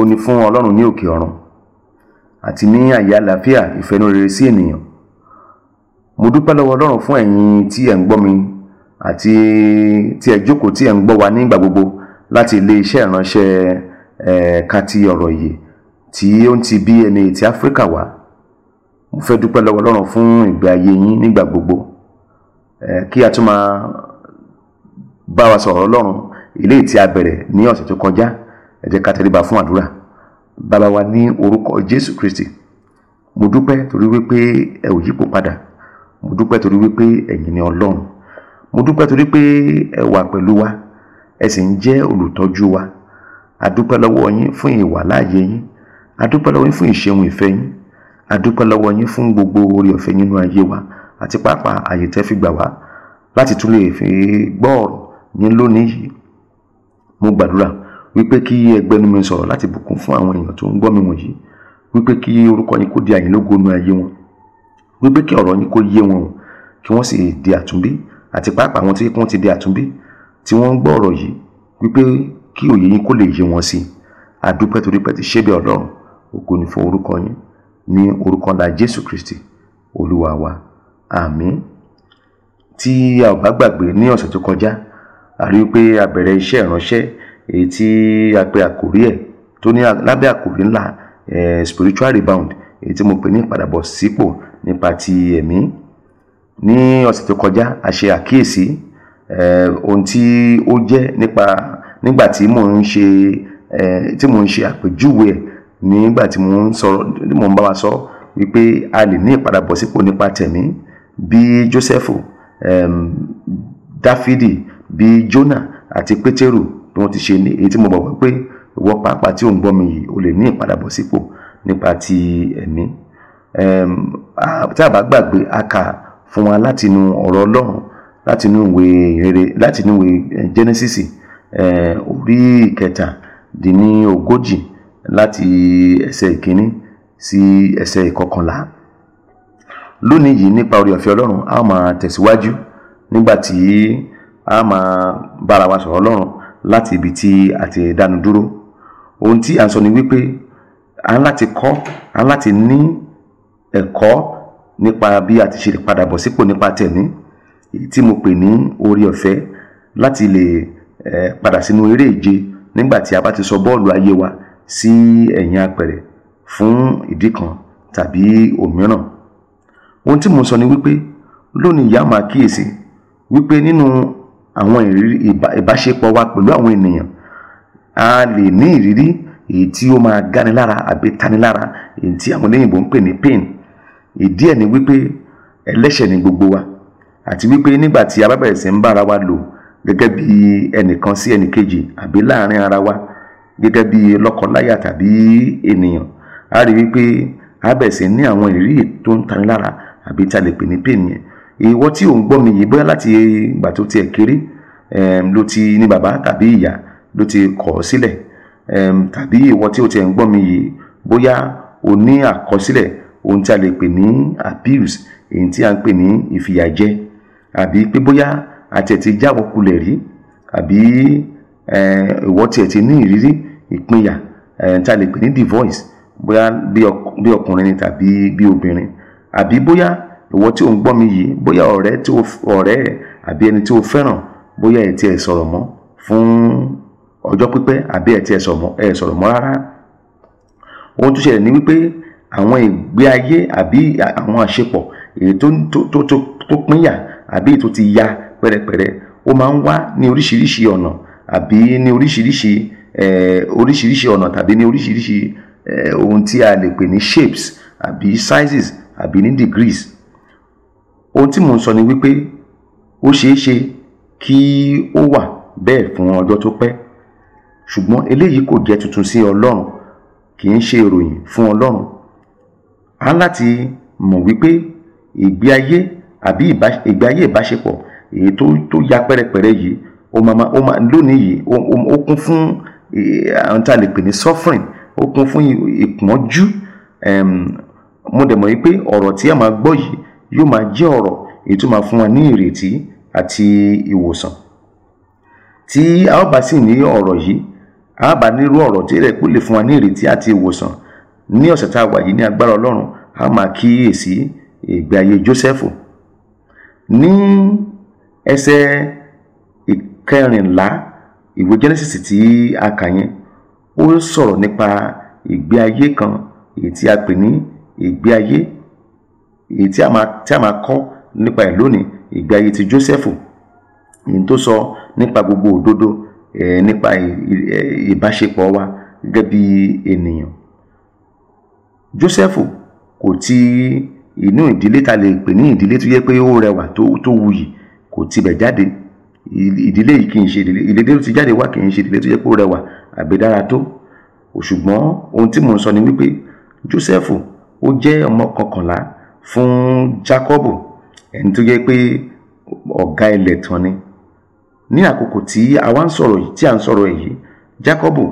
ògo ni fún ọlọ́run ní òkè ọ̀run àti ní àyè àlàáfíà ìfẹ́nu rere sí ènìyàn mo dúpẹ́ lọ́wọ́ ọlọ́run fún ẹ̀yin tí ẹ̀ ń gbọ́ mi àti tí ẹ̀ jókòó tí ẹ̀ ń gbọ́ wa nígbà gbogbo láti ilé iṣẹ́ ìránṣẹ́ ẹ̀ ká ti ọ̀rọ̀ ìyè tí ó ń ti BNA ti Áfíríkà wá mo fẹ́ dúpẹ́ lọ́wọ́ ọlọ́run fún ìgbé ayé yín nígbà gbogbo ẹ̀ kí a tún máa bá wa sọ̀rọ̀ ọlọ́run eléyìí tí a ní ọ̀sẹ̀ tó kọjá ẹ jẹ́ ká tẹríba fún àdúrà bàbá wa ní orúkọ jésù kristi mo dúpẹ́ torí wípé ẹ ò yípo padà mo dúpẹ́ torí wípé ẹ̀yin ni ọlọ́run mo dúpẹ́ torí pé ẹ wà pẹ̀lú wa ẹ sì ń jẹ́ olùtọ́jú wa adúpẹ́ lọ́wọ́ yín fún ìwàláàyè yín adúpẹ́ lọ́wọ́ yín fún ìṣeun ìfẹ́ yín adúpẹ́ lọ́wọ́ yín fún gbogbo oore ọ̀fẹ́ nínú ayé wa àti pàápàá àyè tẹ́ fi gbà wá láti tún lè fi gbọ́ ọ̀rọ̀ yín lónìí yìí mo gbàdúrà wípé kí ẹgbẹ́nu mi sọ̀rọ̀ láti bùkún fún àwọn èèyàn tó ń gbọ́ mi wọ̀nyí wípé kí orúkọ yín kó di àyìnlógo nu ayé wọn wípé kí ọ̀rọ̀ yín kó yé wọn kí wọ́n sì di àtúnbí àti pàápàá àwọn tí wọ́n ti di àtúnbí tí wọ́n ń gbọ́ ọ̀rọ̀ yìí wípé kí òye yín kó lè yé wọn sí i àdúpẹ́ torí pé ti ṣe bí ọlọ́run ògo ni fún orúkọ yín ní orúkọ ńlá Jésù Kristi olúwa wa àmín tí a ò bá gbàgbé ní ọ̀sẹ̀ tó kọjá a rí i iṣẹ́ ìránṣẹ́ èyí tí a pè àkórí ẹ̀ tó ní lábẹ́ àkórí ńlá spiritual rebound èyí tí mo pè ní ìpadàbọ̀ sípò nípa ti ẹ̀mí ní ọ̀sẹ̀ tó kọjá a ṣe àkíyèsí ohun tí ó jẹ́ nípa nígbà tí mò ń ṣe tí mò ń ṣe àpèjúwe ẹ̀ nígbà tí mò ń sọ̀rọ̀ tí mò ń bá wa sọ wípé a lè ní ìpadàbọ̀ sípò nípa tẹ̀mí bí Jósẹ́fù Dáfídì bí Jónà àti Pétérù wọ́n ti ṣe ní èyí tí mo gbàgbọ́ pé ìwọ pàápàá tí ò ń gbọ́ mi yìí o lè ní ìpadàbọ̀sípò nípa ti ẹ̀mí tí a bá gbàgbé a kà fún wa láti inú ọ̀rọ̀ Ọlọ́run láti inú ìwé rere láti inú ìwé Genesis orí ìkẹta dín ní ogójì láti ẹsẹ̀ ìkíní sí ẹsẹ̀ ìkọkànlá lónìí yìí nípa orí ọ̀fẹ́ Ọlọ́run a máa tẹ̀síwájú nígbà tí a máa bára wa sọ̀rọ̀ Ọlọ́run láti ibi tí a ti dánu dúró ohun tí à ń sọ ni wípé a ń láti kọ́ a ń láti ní ẹ̀kọ́ nípa bí a ti ṣe lè padà bọ̀ sípò nípa tẹ̀mí èyí tí mo pè ní oore ọ̀fẹ́ láti lè padà sínú eré ìje nígbà tí a bá ti sọ bọ́ọ̀lù ayé wa sí ẹ̀yìn apẹ̀rẹ̀ fún ìdí kan tàbí òmíràn ohun tí mo sọ ni wípé lónìí ìyá máa kíyèsí wípé nínú àwọn ìrírí ìbáṣepọ̀ wa pẹ̀lú àwọn ènìyàn a lè ní ìrírí èyí tí ó máa gani lára àbí tani lára èyí tí àwọn olóyìnbó ń pè ní pain ìdí ẹ̀ ni wípé ẹlẹ́ṣẹ̀ ni gbogbo wa àti wípé nígbà tí a bá bẹ̀rẹ̀ sí ń bára wa lò gẹ́gẹ́ bí ẹnìkan sí ẹnìkejì àbí láàrin ara wa gẹ́gẹ́ bí lọ́kọláya tàbí ènìyàn a rí wípé a ní àwọn ìrírí tó ń tani lára àbí tí a lè pè ní pain yẹn ìwọ tí ò ń gbọ́ mi yìí bóyá láti ìgbà tó tiẹ̀ kéré ló ti ní bàbá tàbí ìyá ló ti kọ̀ ọ́ sílẹ̀ tàbí ìwọ tí ò tiẹ̀ ń gbọ́ mi yìí bóyá o ní àkọsílẹ̀ ohun tí a lè pè ní abuse èyí tí a ń pè ní ìfìyàjẹ àbí pé bóyá àti ẹ̀ ti jáwọ́ kulẹ̀ rí àbí ìwọ tiẹ̀ ti ní ìrírí ìpínyà tí a lè pè ní divorce bóyá bí ọkùnrin ni tàbí bí obìnrin àbí bóyá ìwọ tí ò ń gbọ́ mi yìí bóyá ọ̀rẹ́ tí o ọ̀rẹ́ ẹ̀ àbí ẹni tí o fẹ́ràn bóyá ẹ̀ tiẹ̀ sọ̀rọ̀ mọ́ fún ọjọ́ pípẹ́ àbí ẹ̀ tiẹ̀ sọ̀rọ̀ mọ́ rárá ohun tó ṣẹlẹ̀ ni wípé àwọn ìgbé ayé àbí àwọn àṣepọ̀ èyí tó pínyà àbí tó ti ya pẹ̀rẹ̀pẹ̀rẹ̀ ó máa ń wá ní oríṣiríṣi ọ̀nà àbí ní oríṣiríṣi oríṣiríṣi ọ̀nà tàbí ní oríṣiríṣi ohun tí a lè pè ní shapes àbí sizes àbí ní degrees ohun tí mò ń sọ ni wípé ó ṣeé ṣe kí ó wà bẹ́ẹ̀ fún ọjọ́ tó pẹ́ ṣùgbọ́n eléyìí kò jẹ́ tuntun sí ọlọ́run kì í ṣe ìròyìn fún ọlọ́run a ń láti mọ̀ wípé ìgbé ayé àbí ìgbé ayé ìbáṣepọ̀ èyí tó ya pẹ́rẹpẹ̀rẹ yìí ó máa ó lónìí yìí ó kún fún àwọn tá a lè pè ní suffering ó kún fún ìpọ́njú mo dẹ̀ mọ̀ wípé ọ̀rọ̀ tí a máa gbọ́ yìí yóò máa jẹ́ ọ̀rọ̀ èyí tó máa fún wọn ní ìrètí àti ìwòsàn tí a ó bá sì ní ọ̀rọ̀ yìí a bá nírú ọ̀rọ̀ tí rẹ̀ kó lè fún wa ní ìrètí àti ìwòsàn ní ọ̀sẹ̀ tá a wà yìí ní agbára ọlọ́run a máa kíyèsí ìgbé ayé Jósẹ́fù ní ẹsẹ̀ ìkẹrìnlá ìwé Genesis tí a kà yẹn ó sọ̀rọ̀ nípa ìgbé ayé kan èyí tí a pè ní ìgbé ayé èyí tí a máa tí a máa kọ́ nípa ẹ̀ lónìí ìgbé ayé ti Jósẹ́fù èyí tó sọ nípa gbogbo òdodo nípa ìbáṣepọ̀ wa gẹ́gẹ́ bí ènìyàn Jósẹ́fù kò ti inú ìdílé ta lè pè ní ìdílé tó yẹ pé ó rẹwà tó tó wuyì kò tibẹ̀ jáde ìdílé yìí kì í ṣe ìdílé ìdílé tó ti jáde wá kì í ṣe ìdílé tó yẹ pé ó rẹwà àbí tó ṣùgbọ́n ohun tí mò ń sọ ni wípé Jósẹ́fù ó jẹ́ ọmọ kọkànlá fún Jacobu ẹni tó jẹ́ pé ọ̀gá ilẹ̀ tán ni ní àkókò tí a wá ń sọ̀rọ̀ yìí tí à ń sọ̀rọ̀ yìí Jákọ́bù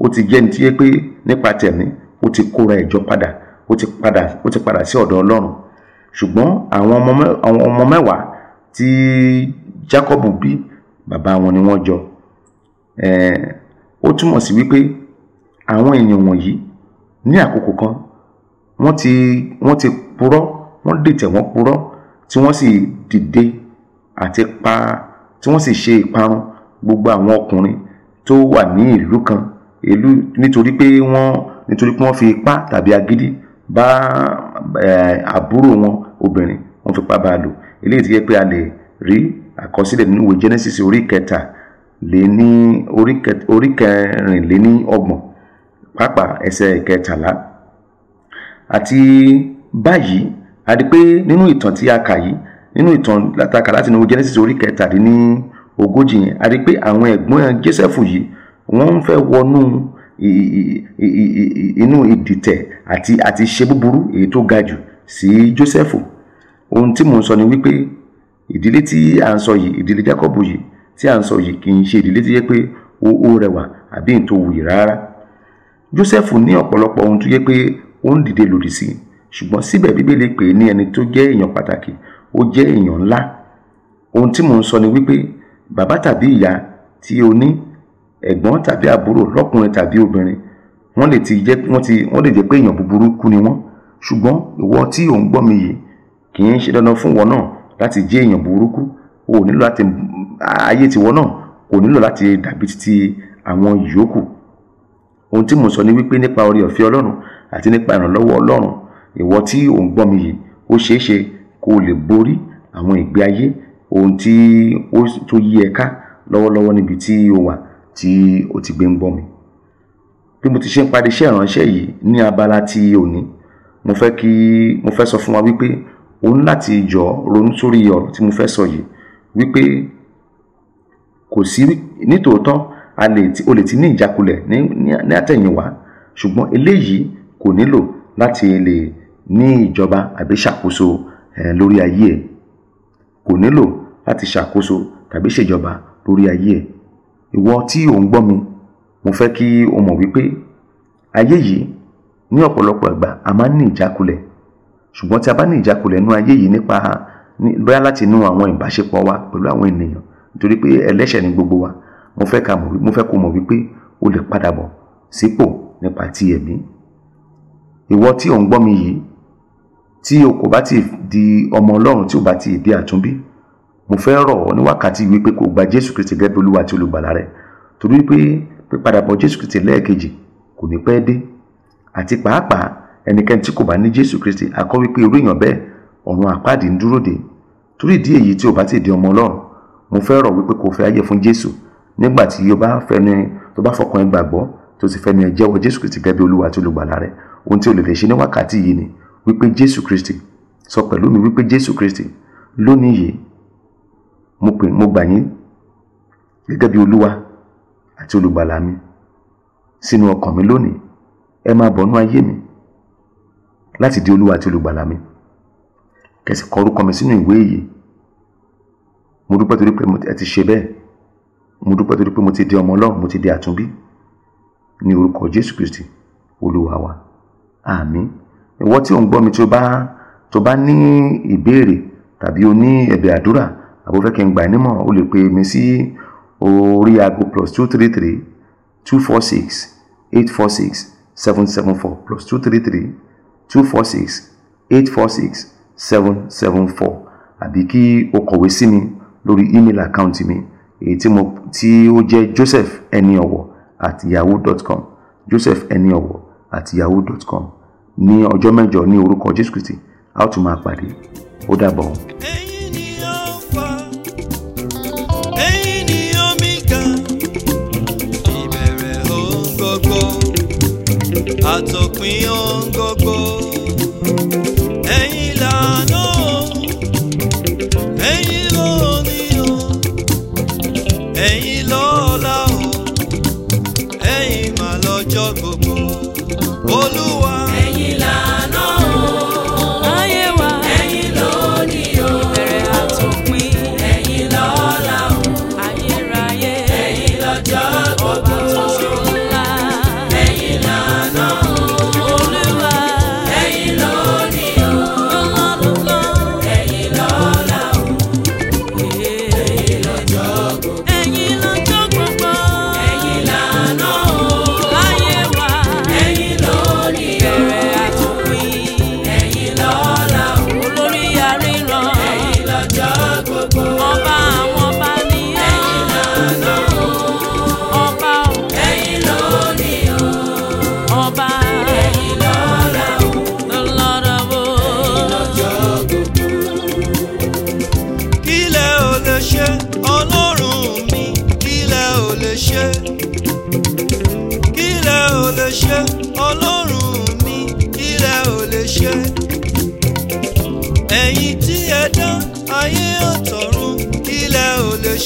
ó ti jẹ́ ní tó jẹ́ pé nípa tẹ̀mí ó ti kóra ẹ̀jọ́ padà ó ti padà ó ti sí ọ̀dọ̀ Ọlọ́run ṣùgbọ́n àwọn ọmọ mẹ́wàá tí Jákọ́bù bí bàbá wọn ni wọ́n jọ ó túmọ̀ sí wípé àwọn èèyàn wọ̀nyí ní àkókò kan ti wọ́n ti purọ́ wọ́n dìtẹ̀ wọ́n purọ́ tí wọ́n sì dìde àti pa tí wọ́n sì ṣe ìparun gbogbo àwọn ọkùnrin tó wà ní ìlú kan ìlú nítorí pé wọ́n nítorí pé wọ́n fi ipá tàbí agídí bá àbúrò wọn obìnrin wọ́n fi ipá bá a lò eléyìí ti yẹ pé a lè rí àkọsílẹ̀ nínú ìwé Genesis orí kẹta lé ní orí kẹrin lé ní ọgbọ̀n pàápàá ẹsẹ̀ kẹtàlá àti báyìí àti pé nínú ìtàn tí a kà yìí nínú ìtàn látàkà láti inú Genesis orí kẹtàdínní ogójì yẹn a rí pé àwọn ẹ̀gbọ́n Jésẹ́fù yìí wọ́n ń fẹ́ wọnú inú ìdìtẹ̀ àti àti ṣe búburú èyí tó ga jù sí Jósẹ́fù ohun tí mò ń sọ ni wípé ìdílé tí à ń sọ yìí ìdílé Jákọ́bù yìí tí à ń sọ yìí kì í ṣe ìdílé tí yẹ pé ó rẹwà àbí ìtòwì rárá Jósẹ́fù ní ọ̀pọ̀lọpọ̀ ohun tó yẹ pé ó ń dìde lòdì sí i ṣùgbọ́n síbẹ̀ bíbélì pè é ní ẹni tó jẹ́ èèyàn pàtàkì ó jẹ́ èèyàn ńlá ohun tí mò ń sọ ni wípé bàbá tàbí ìyá tí o ní ẹ̀gbọ́n tàbí àbúrò lọ́kùnrin tàbí obìnrin wọ́n lè ti jẹ́ wọ́n ti wọ́n lè jẹ́ pé èèyàn búburú kú ni wọ́n ṣùgbọ́n ìwọ tí ò ń gbọ́ mi yìí kì í ṣe dandan fún wọn náà láti jẹ́ èèyàn burúkú o ò nílò láti ayé tiwọn náà kò nílò láti dàbí titi àwọn yòókù ohun tí mo sọ ni wípé nípa oore ọ̀fẹ́ ọlọ́run àti nípa ìrànlọ́wọ́ ọlọ́run ìwọ tí ò ń gbọ́ mi yìí ó ṣeé ṣe kó o lè borí àwọn ìgbé ayé ohun tí ó tó yí ẹ ká lọ́wọ́lọ́wọ́ níbi tí o wà tí o ti gbé ń gbọ́ mi bí mo ti ṣe ń parí iṣẹ́ ìránṣẹ́ yìí ní abala ti òní mo fẹ́ kí mo fẹ́ sọ fún wa wípé o ní láti jọ ronú sórí ọ̀rọ̀ tí mo fẹ́ sọ yìí wípé kò sí nítòótọ́ a lè o lè ti ní ìjákulẹ̀ ní àtẹ̀yìnwá ṣùgbọ́n eléyìí kò nílò láti lè ní ìjọba àbí ṣàkóso um lórí ayé ẹ̀ kò nílò láti ṣàkóso tàbí ṣèjọba lórí ayé ẹ̀ ìwọ tí ò ń gbọ́ mi mo fẹ́ kí o mọ̀ wípé ayé yìí ní ọ̀pọ̀lọpọ̀ ìgbà a máa ń ní ìjákulẹ̀ ṣùgbọ́n tí a bá ní ìjákulẹ̀ nú ayé yìí nípa bóyá láti inú àwọn ìbáṣepọ̀ wa pẹ̀lú àwọn ènìyàn nítorí pé ẹlẹ́ṣẹ̀ ni gbogbo wa mo fẹ́ kó mọ̀ wípé o lè padà bọ̀ sípò nípa ti ẹ̀mí ìwọ tí ò ń gbọ́ mi yìí tí o kò bá ti di ọmọ ọlọ́run tí o bá ti di àtúnbí mo fẹ́ rọ̀ ọ́ ní wákàtí wípé kò gba jésù kristi gẹ́gẹ́ bí olúwa àti olùgbàlà rẹ torí pé pípadàbọ̀ jésù kristi lẹ́ẹ̀kejì kò ní pẹ́ dé àti pàápàá ẹnikẹ́ni tí kò bá ní jésù kristi akọ́ wípé irú èèyàn bẹ́ẹ̀ ọ̀run àpáàdì ń dúró dè torí ìdí èyí tí o bá ti di ọmọ ọlọ́run mo fẹ́ rọ̀ wípé kò fẹ́ ayé fún jésù nígbà tí o bá fẹnu tó bá fọkàn ẹ gbàgbọ́ tó sì fẹnu ẹ jẹ́wọ́ jésù kristi gẹ́gẹ́ bí olúwa àti olùgbàlà rẹ ohun tí o lè lè ṣe ní wákàtí yìí ni wípé jésù kristi sọ pẹ̀lú mi wípé jésù kristi lónìí yìí mo pè mo gbà yín gẹ́gẹ́ bí olúwa àti olùgbàlà mi sínú ọkàn mi lónìí ẹ máa bọ̀nú ayé mi láti di olúwa àti olùgbàlà mi kẹsì kọ orúkọ mi sínú ìwé yìí mo dúpẹ́ torí pé ẹ ti ṣe bẹ́ẹ̀ mo dúpẹ́ torí pé mo ti di ọmọ ọlọ́run mo ti di àtúnbí ní orúkọ jésù kristi olúwa wa àmín ìwọ tí ò ń gbọ́ mi tí o bá tó bá ní ìbéèrè tàbí o ní ẹ̀bẹ̀ àdúrà àbò fẹ́ kí n gbà nímọ̀ o lè pe mi sí orí aago plus two three three two four six eight four six seven seven four plus two three three two four six eight four six seven seven four àbí kí o kọ̀wé sí mi lórí email account mi èyí tí mo tí ó jẹ́ joseph eniowo at yahoo dot com joseph eniowo At yahoo.com ní ọjọ́ mẹ́jọ ní orúkọ jésù kristi a ó tún máa pàdé ó dàbọ̀ o. àtòpin ẹ̀yin lànà òun ẹ̀yin lónìí ẹ̀yin lọ́la o ẹ̀yin mà lọ́jọ́ gbogbo.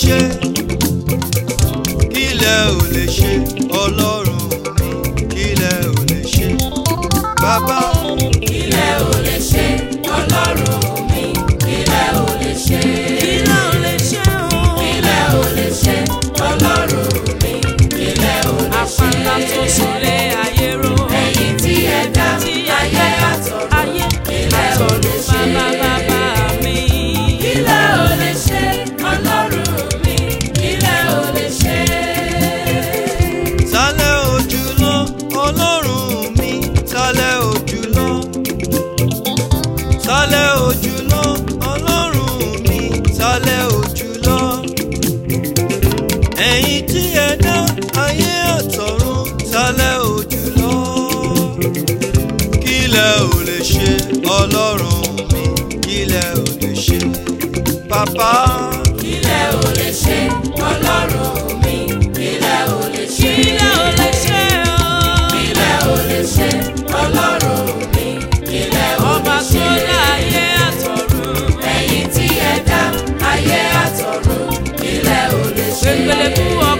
ṣe ilẹ̀ ò lè ṣe ọlọ́run mi ilẹ̀ ò lè ṣe bàbá. ọlọ́run mi ilẹ̀ ò lè ṣe bàbá. ilẹ̀ ò lè ṣe ọlọ́run mi ilẹ̀ ò lè ṣe. ilẹ̀ ò lè ṣe ọ́. Oh. ilẹ̀ ò ṣe ọlọ́run mi ilẹ̀ ò ṣe. ọba tó dá ayé àtọ̀run. ẹ̀yin tí ẹ dá ayé àtọ̀run ilẹ̀ ò ṣe. pépélé fún ọ.